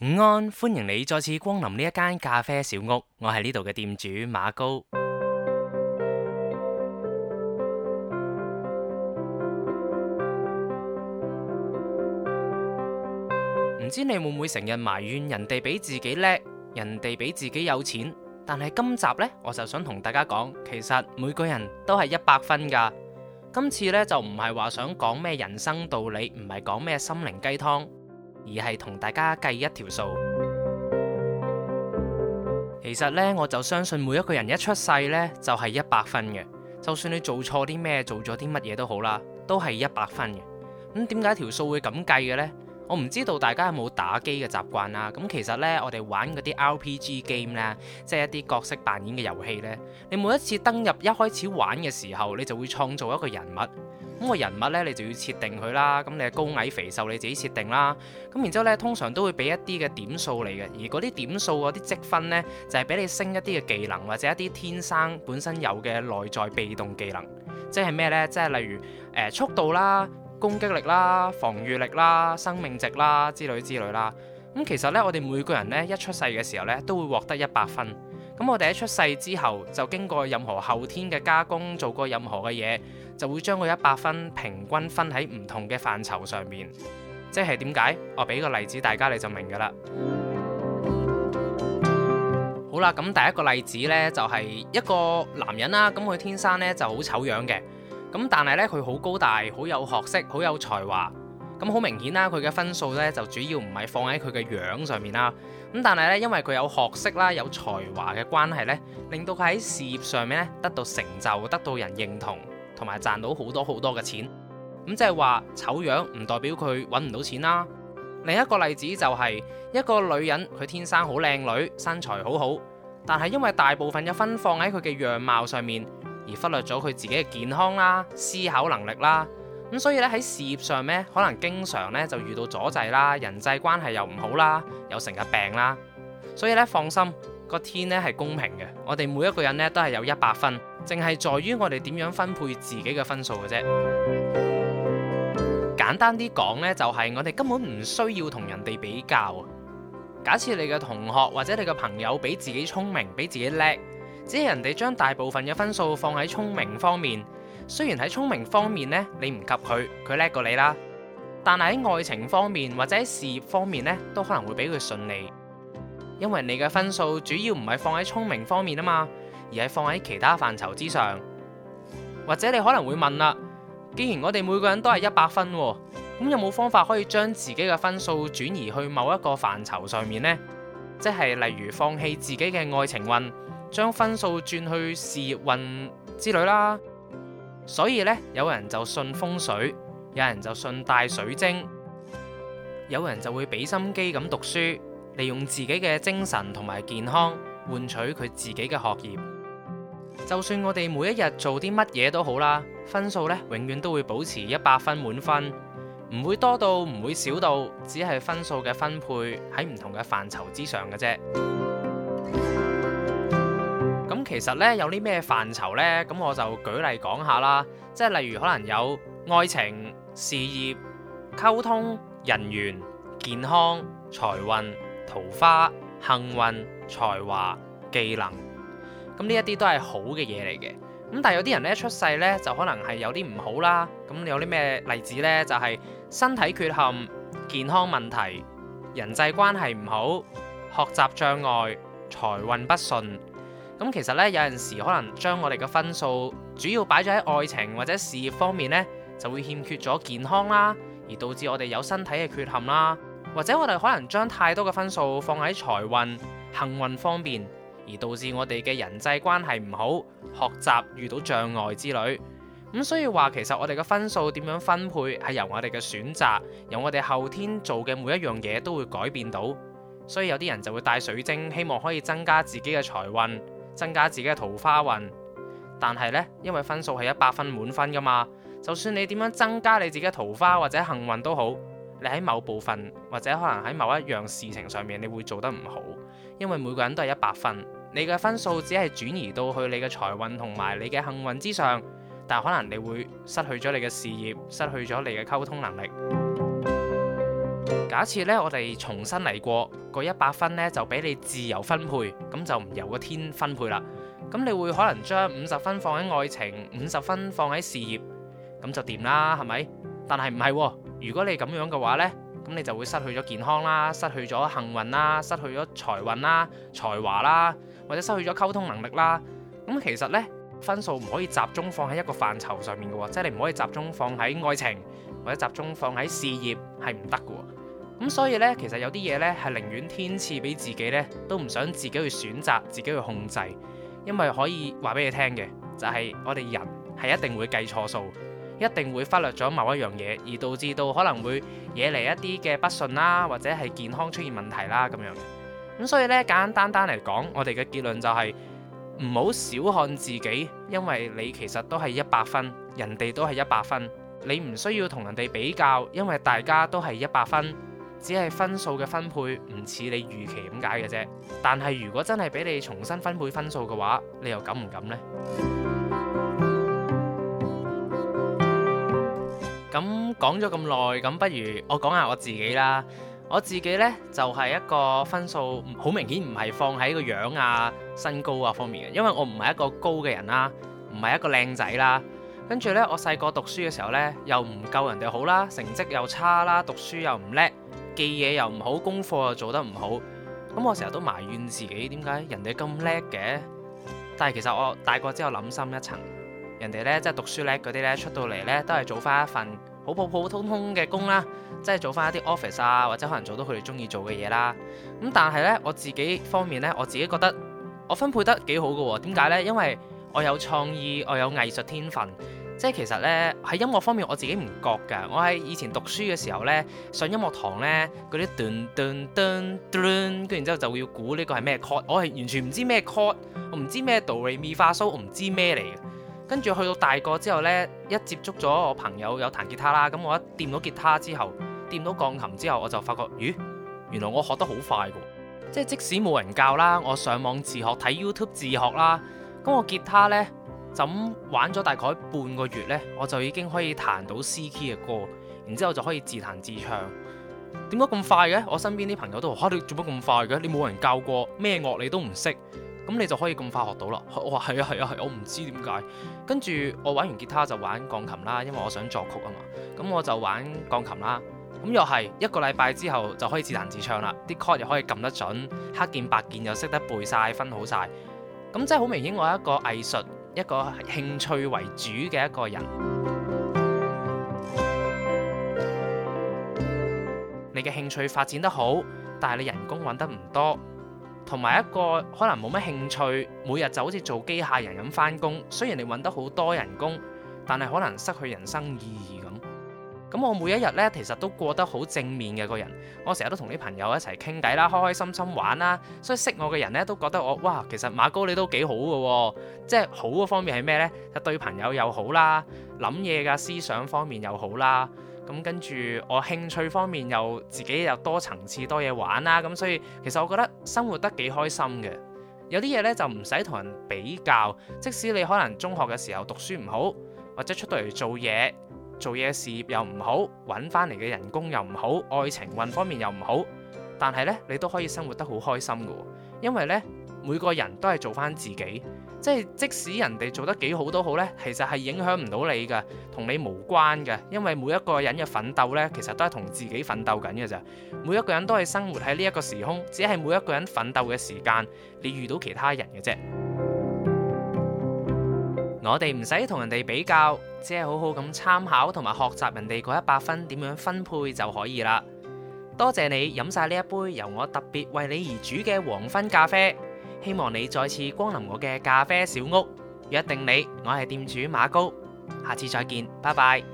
午安，歡迎你再次光臨呢一間咖啡小屋，我係呢度嘅店主，馬高。知你會唔會成日埋怨人哋比自己叻，人哋比自己有錢？但係今集呢，我就想同大家講，其實每個人都係一百分㗎。今次呢，就唔係話想講咩人生道理，唔係講咩心靈雞湯，而係同大家計一條數。其實呢，我就相信每一個人一出世呢，就係一百分嘅。就算你做錯啲咩，做咗啲乜嘢都好啦，都係一百分嘅。咁點解條數會咁計嘅呢？我唔知道大家有冇打機嘅習慣啦。咁其實呢，我哋玩嗰啲 RPG game 呢，即係一啲角色扮演嘅遊戲呢，你每一次登入一開始玩嘅時候，你就會創造一個人物，咁個人物呢，你就要設定佢啦，咁你高矮肥瘦你自己設定啦，咁然之後呢，通常都會俾一啲嘅點數你嘅，而嗰啲點數嗰啲積分呢，就係俾你升一啲嘅技能或者一啲天生本身有嘅內在被動技能，即係咩呢？即係例如誒速度啦。攻擊力啦、防禦力啦、生命值啦之類之類啦。咁其實呢，我哋每個人呢，一出世嘅時候呢，都會獲得一百分。咁我哋一出世之後，就經過任何後天嘅加工，做過任何嘅嘢，就會將個一百分平均分喺唔同嘅範疇上面。即係點解？我俾個例子，大家你就明噶啦。好啦，咁第一個例子呢，就係一個男人啦。咁佢天生呢，就好醜樣嘅。咁但係咧，佢好高大，好有學識，好有才華。咁好明顯啦，佢嘅分數呢就主要唔係放喺佢嘅樣上面啦。咁但係呢，因為佢有學識啦，有才華嘅關係呢，令到佢喺事業上面呢得到成就，得到人認同，同埋賺到好多好多嘅錢。咁即係話醜樣唔代表佢揾唔到錢啦。另一個例子就係一個女人，佢天生好靚女，身材好好，但係因為大部分嘅分放喺佢嘅樣貌上面。而忽略咗佢自己嘅健康啦、思考能力啦，咁所以呢喺事業上呢，可能經常呢就遇到阻滯啦，人際關係又唔好啦，又成日病啦，所以呢放心，個天呢係公平嘅，我哋每一個人呢都係有一百分，淨係在於我哋點樣分配自己嘅分數嘅啫。簡單啲講呢，就係我哋根本唔需要同人哋比較。假設你嘅同學或者你嘅朋友比自己聰明，比自己叻。只係人哋將大部分嘅分數放喺聰明方面，雖然喺聰明方面呢，你唔及佢，佢叻過你啦。但係喺愛情方面或者喺事業方面呢，都可能會比佢順利，因為你嘅分數主要唔係放喺聰明方面啊嘛，而係放喺其他範疇之上。或者你可能會問啦，「既然我哋每個人都係一百分，咁有冇方法可以將自己嘅分數轉移去某一個範疇上面呢？」即係例如放棄自己嘅愛情運。將分數轉去事業運之類啦，所以咧，有人就信風水，有人就信戴水晶，有人就會俾心機咁讀書，利用自己嘅精神同埋健康換取佢自己嘅學業。就算我哋每一日做啲乜嘢都好啦，分數咧，永遠都會保持一百分滿分，唔會多到，唔會少到，只係分數嘅分配喺唔同嘅範疇之上嘅啫。其實咧有啲咩範疇呢？咁我就舉例講下啦，即係例如可能有愛情、事業、溝通、人緣、健康、財運、桃花、幸運、才華、技能。咁呢一啲都係好嘅嘢嚟嘅。咁但係有啲人咧出世咧就可能係有啲唔好啦。咁有啲咩例子呢？就係身體缺陷、健康問題、人際關係唔好、學習障礙、財運不順。咁其實咧，有陣時可能將我哋嘅分數主要擺咗喺愛情或者事業方面呢，就會欠缺咗健康啦，而導致我哋有身體嘅缺陷啦。或者我哋可能將太多嘅分數放喺財運、幸運方面，而導致我哋嘅人際關係唔好、學習遇到障礙之類。咁所以話，其實我哋嘅分數點樣分配係由我哋嘅選擇，由我哋後天做嘅每一樣嘢都會改變到。所以有啲人就會戴水晶，希望可以增加自己嘅財運。增加自己嘅桃花運，但係呢，因為分數係一百分滿分噶嘛，就算你點樣增加你自己嘅桃花或者幸運都好，你喺某部分或者可能喺某一樣事情上面你會做得唔好，因為每個人都係一百分，你嘅分數只係轉移到去你嘅財運同埋你嘅幸運之上，但可能你會失去咗你嘅事業，失去咗你嘅溝通能力。假設咧，我哋重新嚟過個一百分咧，就俾你自由分配，咁就唔由個天分配啦。咁你會可能將五十分放喺愛情，五十分放喺事業，咁就掂啦，係咪？但係唔係喎，如果你咁樣嘅話呢，咁你就會失去咗健康啦，失去咗幸運啦，失去咗財運啦、才華啦，或者失去咗溝通能力啦。咁其實呢，分數唔可以集中放喺一個範疇上面嘅喎，即係你唔可以集中放喺愛情或者集中放喺事業係唔得嘅。咁所以咧，其實有啲嘢咧係寧願天賜俾自己咧，都唔想自己去選擇，自己去控制，因為可以話俾你聽嘅就係我哋人係一定會計錯數，一定會忽略咗某一樣嘢，而導致到可能會惹嚟一啲嘅不順啦，或者係健康出現問題啦咁樣。咁所以咧，簡簡單單嚟講，我哋嘅結論就係唔好小看自己，因為你其實都係一百分，人哋都係一百分，你唔需要同人哋比較，因為大家都係一百分。只係分數嘅分配唔似你預期咁解嘅啫？但係如果真係俾你重新分配分數嘅話，你又敢唔敢呢？咁 講咗咁耐，咁不如我講下我自己啦。我自己呢，就係、是、一個分數好明顯唔係放喺個樣啊、身高啊方面嘅，因為我唔係一個高嘅人啦，唔係一個靚仔啦。跟住呢，我細個讀書嘅時候呢，又唔夠人哋好啦，成績又差啦，讀書又唔叻。記嘢又唔好，功課又做得唔好，咁我成日都埋怨自己，點解人哋咁叻嘅？但係其實我大個之後諗深一層，人哋呢即係讀書叻嗰啲呢，出到嚟呢都係做翻一份好普普通通嘅工啦，即係做翻一啲 office 啊，或者可能做到佢哋中意做嘅嘢啦。咁但係呢，我自己方面呢，我自己覺得我分配得幾好喎啊，點解呢？因為我有創意，我有藝術天分。即係其實呢，喺音樂方面我自己唔覺㗎，我喺以前讀書嘅時候呢，上音樂堂呢，嗰啲斷斷斷斷，跟然之後就要估呢個係咩 key 我係完全唔知咩 key 我唔知咩 do re mi fa so, 我唔知咩嚟嘅。跟住去到大個之後呢，一接觸咗我朋友有彈吉他啦，咁我一掂到吉他之後，掂到鋼琴之後，我就發覺咦，原來我學得好快㗎，即係即使冇人教啦，我上網自學睇 YouTube 自學啦，咁我吉他呢。就咁玩咗大概半個月呢，我就已經可以彈到 C K 嘅歌，然之後就可以自彈自唱。點解咁快嘅？我身邊啲朋友都話：嚇你做乜咁快嘅？你冇人教過，咩樂你都唔識，咁你就可以咁快學到啦、哦啊啊啊。我話係啊係啊係，我唔知點解。跟住我玩完吉他就玩鋼琴啦，因為我想作曲啊嘛。咁我就玩鋼琴啦。咁又係一個禮拜之後就可以自彈自唱啦，啲 note 又可以撳得準，黑鍵白鍵又識得背晒、分好晒。咁真係好明顯，我係一個藝術。一個興趣為主嘅一個人，你嘅興趣發展得好，但係你人工揾得唔多，同埋一個可能冇乜興趣，每日就好似做機械人咁返工。雖然你揾得好多人工，但係可能失去人生意義的。咁我每一日呢，其實都過得好正面嘅個人。我成日都同啲朋友一齊傾偈啦，開開心心玩啦。所以識我嘅人呢，都覺得我哇，其實馬高你都幾好㗎喎，即係好嘅方面係咩呢？就對朋友又好啦，諗嘢㗎，思想方面又好啦。咁跟住我興趣方面又自己又多層次多嘢玩啦。咁所以其實我覺得生活得幾開心嘅。有啲嘢呢，就唔使同人比較，即使你可能中學嘅時候讀書唔好，或者出到嚟做嘢。做嘢嘅事業又唔好，揾翻嚟嘅人工又唔好，愛情運方面又唔好，但係呢，你都可以生活得好開心噶，因為呢，每個人都係做翻自己，即係即使人哋做得幾好都好，呢其實係影響唔到你噶，同你無關噶，因為每一個人嘅奮鬥呢，其實都係同自己奮鬥緊噶咋，每一個人都係生活喺呢一個時空，只係每一個人奮鬥嘅時間，你遇到其他人嘅啫， 我哋唔使同人哋比較。只係好好咁參考同埋學習人哋嗰一百分點樣分配就可以啦。多謝你飲晒呢一杯由我特別為你而煮嘅黃昏咖啡，希望你再次光臨我嘅咖啡小屋，約定你，我係店主馬高，下次再見，拜拜。